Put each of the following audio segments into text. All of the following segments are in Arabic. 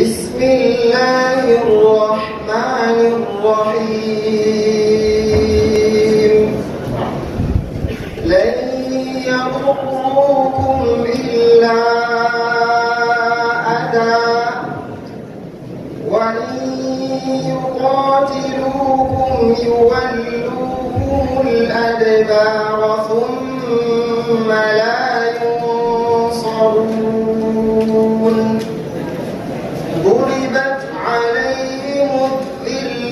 بسم الله الرحمن الرحيم لن يضروكم إلا أذى وإن يقاتلوكم يولوكم الأدبار ثم لا ينصرون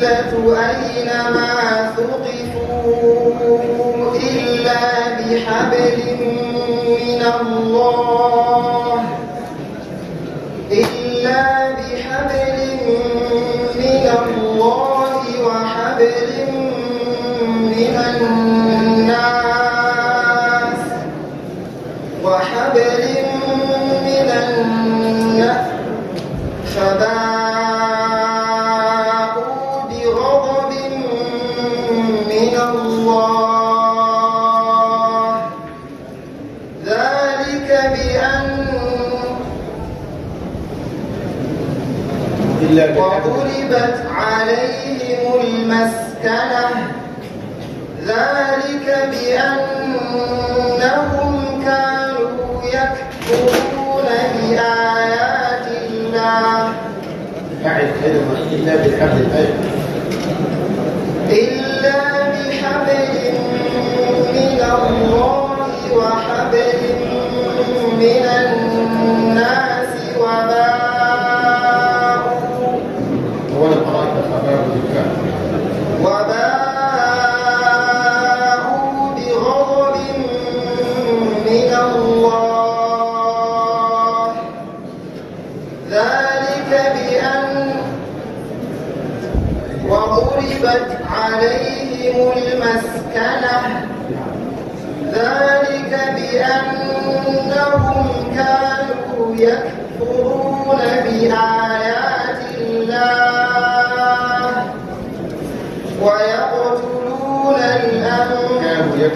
أين ما ثقفوا إلا بحبل من الله إلا بحبل من الله وحبل بأنهم كانوا يكفرون بآيات الله إلا بحبل إلا بحبل من الله وحبل من الناس بأنهم كانوا يكفرون بآيات الله ويقتلون الأنبياء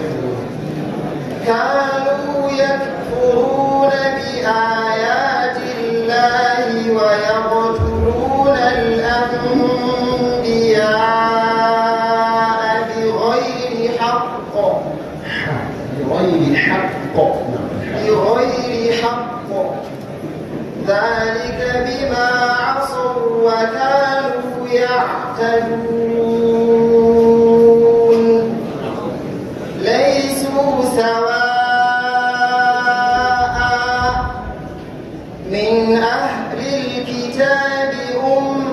كانوا يكفرون بآيات الله ويقتلون الأنبياء تحتملون ليسوا سواء من أهل الكتاب أمة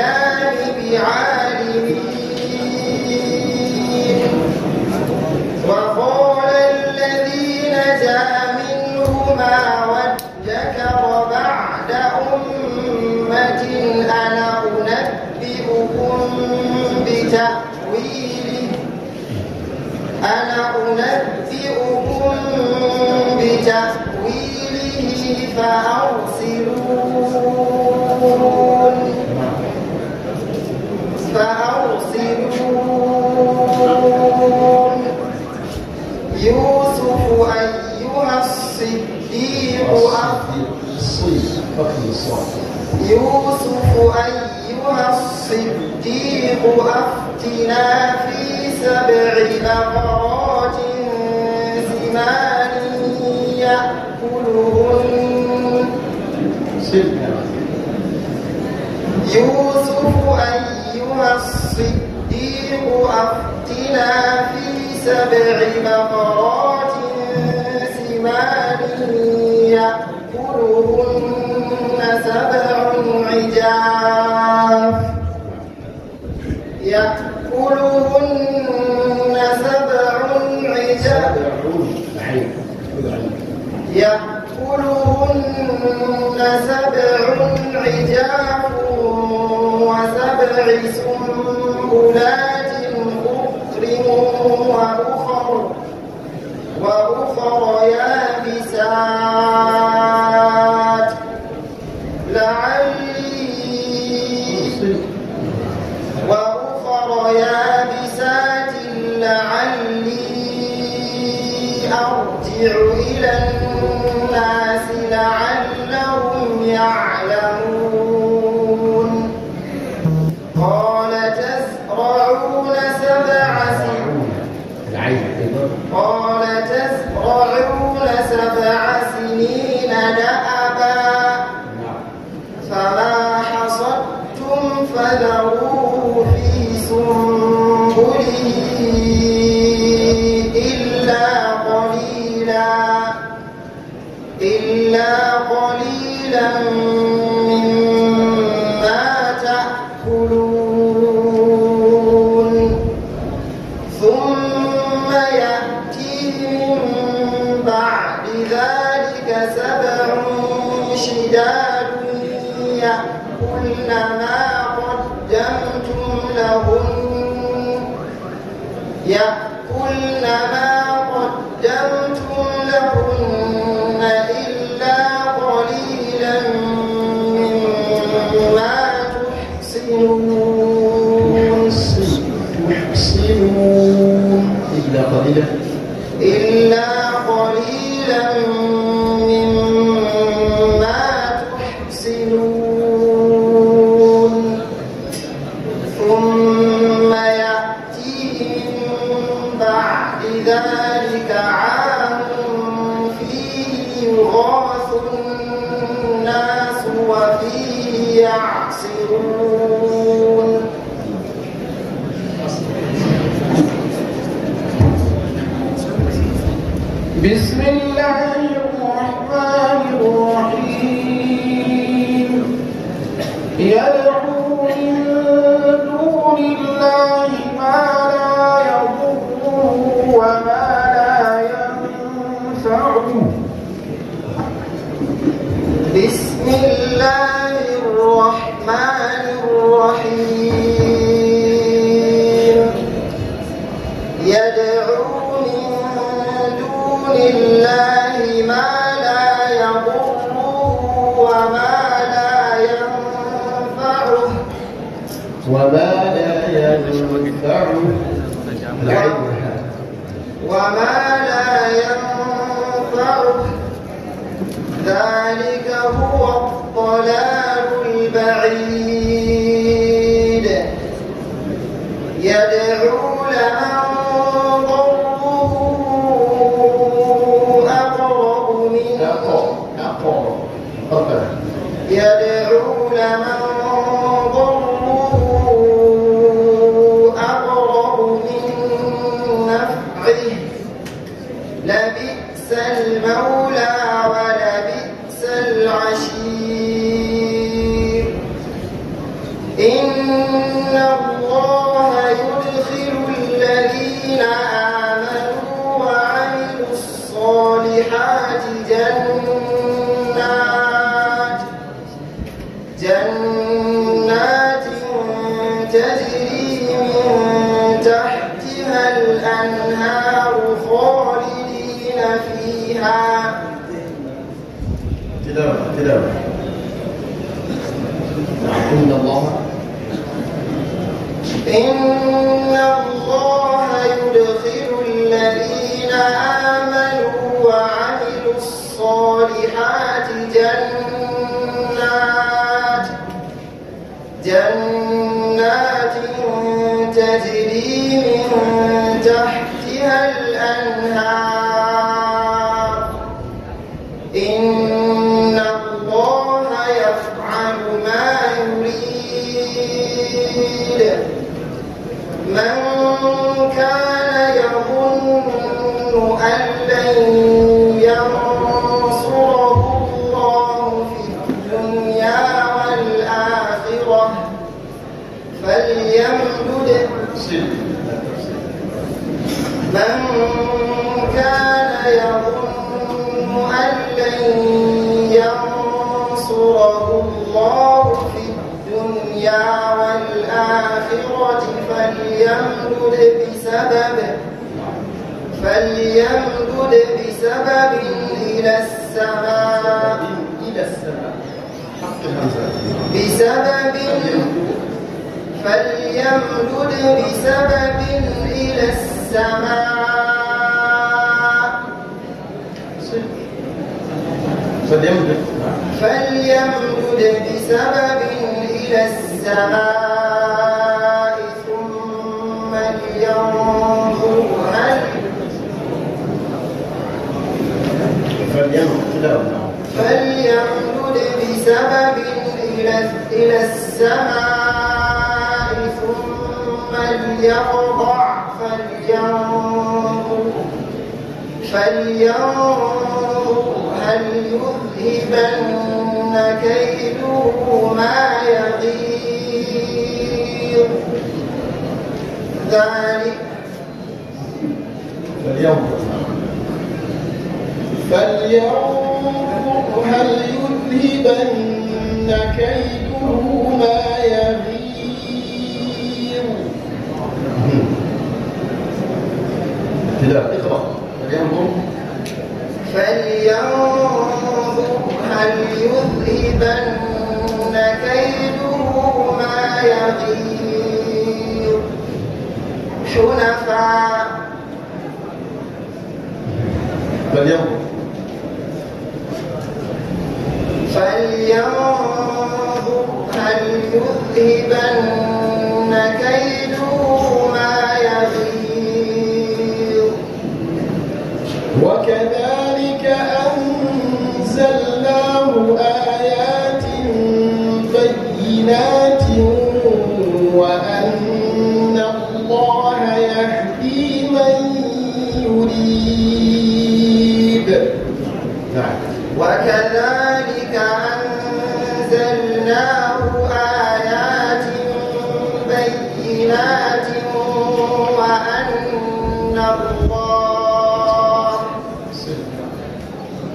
الكتاب بعالمين وقال الذي نجا منهما وادكر بعد أمة أنا أنبئكم بتأويله أنا أنبئكم بتأويله فأرسلون يوسف أيها الصديق أفتنا في سبع بقرات زمان يأكلهن يوسف أيها الصديق أفتنا في سبع بقرات زمان يأكلهن سبع عجاف يأكلهن سبع عجاف يأكلهن سبع عجاف don't know. فعيل جنات تجري من تحتها الأنهار خالدين فيها تلاوة تلاوة إن الله إن الله يدخل الذين آمنوا وعملوا الصالحات جنات جنات تجري من تحتها الأنهار إن الله يفعل ما يريد من بسبب فليمدد بسبب إلى السماء إلى السماء بسبب فليمدد بسبب إلى السماء فليمدد بسبب إلى السماء فليمدد فليمدد بسبب إلى إلى السماء ثم ليقطع فلينظر فلينظر هل يذهبن كيده ما يغير ذلك فلينظر فلينظر هل يذهبن كيده ما يغير لا اقرأ فلينظر فلينظر هل يذهبن كيده ما يغير شنفا فلينظر فلينظر هل يذهبن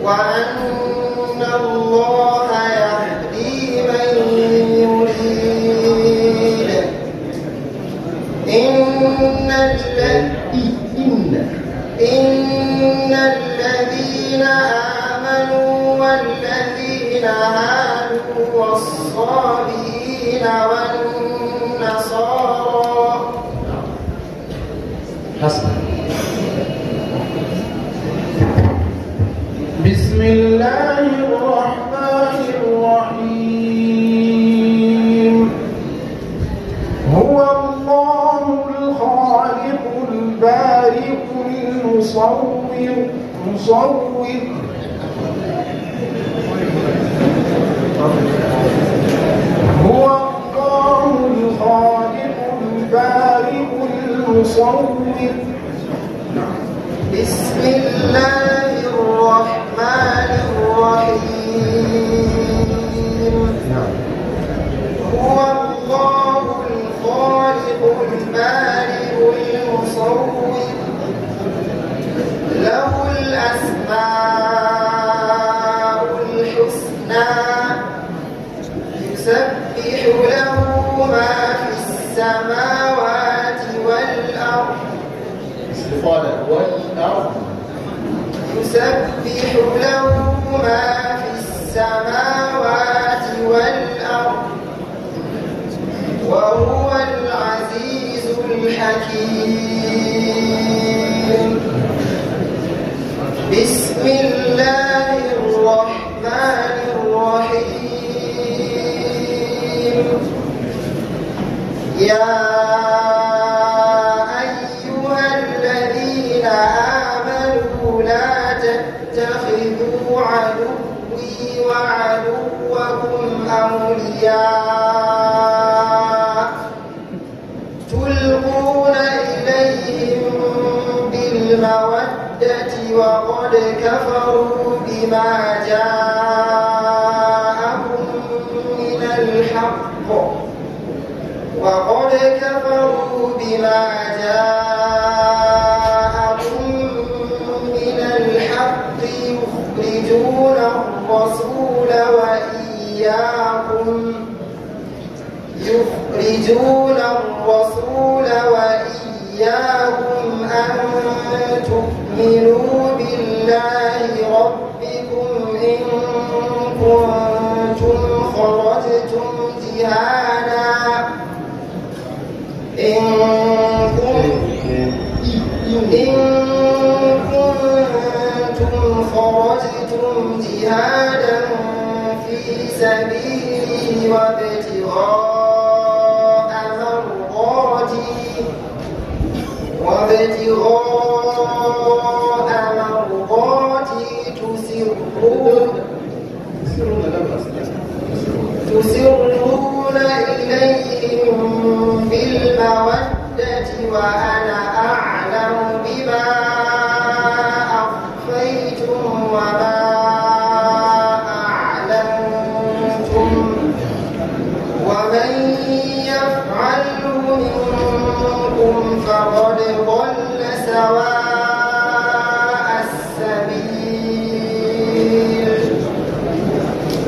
وأن الله يهدي من يريد إن الذين آمنوا والذين هادوا والصابئين الله الرحمن الرحيم هو الله الخالق البارئ المصور مصور هو الله الخالق البارئ المصور Thank you. كفروا بما جاءهم من الحق وقد كفروا بما جاءهم من الحق يخرجون الرسول وإياكم يخرجون جهادا في سبيلي وابتغاء مرضاتي وابتغاء مرضاتي تسرون تسرون إليهم بالمودة وأنا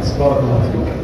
It's God who has spoken.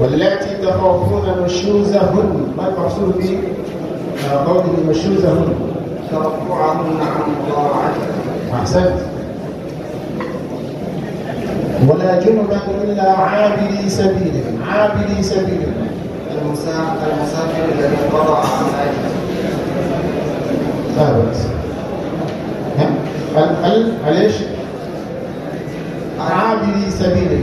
واللاتي تخافون نشوزهن ما المقصود به قوله نشوزهن ترفعهن عن طاعته احسنت ولا جنبا الا عابري سبيل عابري سبيل المسافر الذي قضى عن ثابت ها؟ هل هل ليش؟ عابري سبيل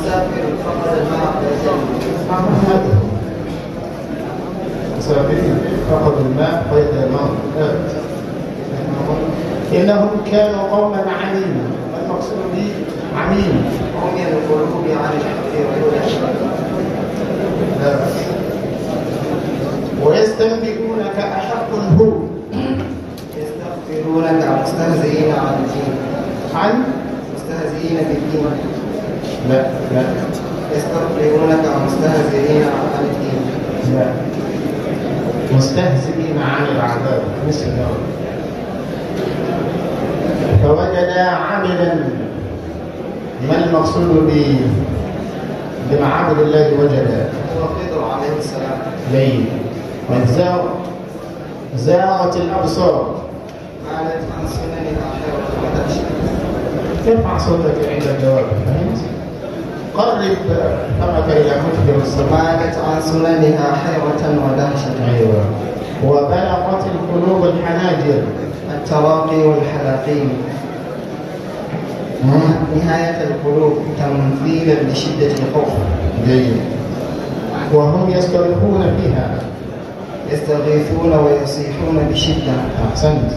مسافر فقد الماء فيتيمم مسافر فقد الماء فيتيمم إنهم كانوا قوما عميما المقصود به عميم عمي القلوب عن الحق والهدى ويستنبئونك أحق هو يستغفرونك مستهزئين عن الدين عن مستهزئين بالدين لا لا يستقبلونك مستهزئين عن الدين لا مستهزئين عن العذاب مثل فوجدا عملا ما المقصود بمعابد الله وجد هو خضر عليه السلام ليه من زاغ زاغت الابصار قالت عن سنن العشره وتمشي ارفع صوتك عند الجواب فهمت؟ قرب قرب الى حجب الصماكت عن سننها حيرة ودهشة عيوة وبلغت القلوب الحناجر التراقي والحلاقين نهاية القلوب تنفيذا لشدة الخوف جيد وهم يسترخون فيها يستغيثون ويصيحون بشدة أحسنت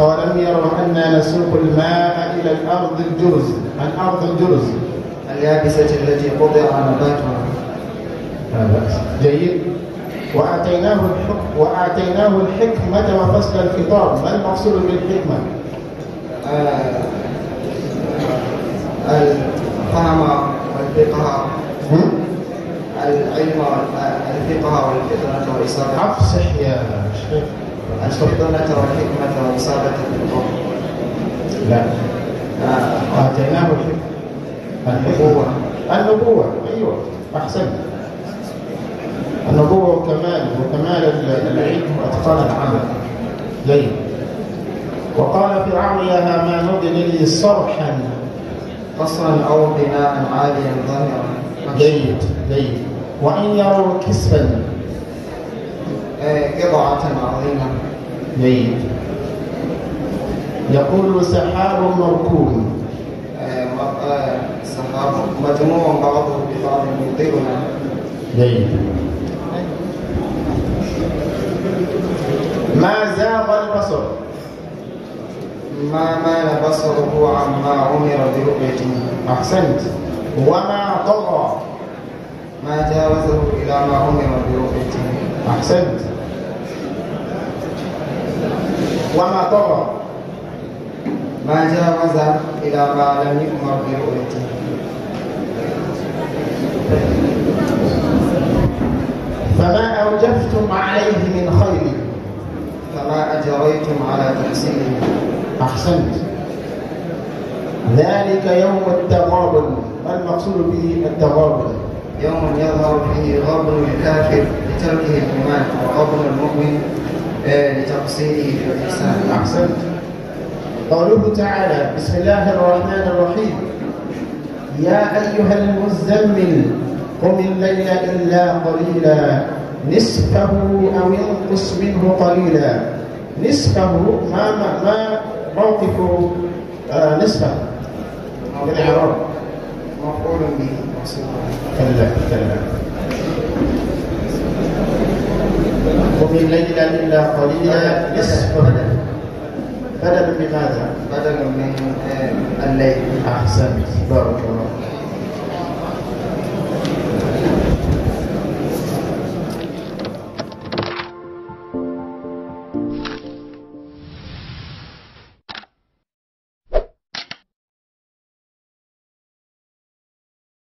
أولم يروا أنا نسوق الماء إلى الأرض الجرز الأرض الجرز اليابسة التي قطع نباتها لا بأس جيد وآتيناه الحكم وآتيناه الحكمة وفصل الخطاب ما المقصود بالحكمة؟ آه الفهم والفقه العلم الفقه والفطنة والإصابة أفصح يا شيخ الفطنة والحكمة والإصابة بالقول لا آتيناه آه. الحكمة النبوة النبوة أيوة أحسن النبوة وكمال وكمال العلم وأتقان العمل جيد وقال فرعون يا هامان ابن لي صرحا قصرا أو بناء عاليا ظاهرا جيد جيد وأن يروا كسفا آه، إضعة عظيمة جيد يقول سحاب مركوب آه، مجموع بعضه ببعض يضيئنا جيد ما زاغ البصر ما مال بصره عما عمر برؤيته احسنت وما طغى ما جاوزه الى ما عمر برؤيته احسنت وما طغى ما جاوز إلى ما لم يؤمر برؤيته فما أوجفتم عليه من خير فما أجريتم على تحسينه أحسنت ذلك يوم التغابن ما المقصود به التغابن يوم يظهر فيه غبن الكافر لتركه الإيمان وغبن المؤمن آه، لتقصيره في الإحسان أحسنت قوله تعالى بسم الله الرحمن الرحيم يا أيها المزمل قم الليل إلا قليلا نصفه أو انقص منه قليلا نصفه ما ما, ما موقف آه نصفه من الإعراب مفعول به كلا كلا قم الليل إلا قليلا نصفه بدل من ماذا؟ آه، بدل من الليل أحسنت بارك الله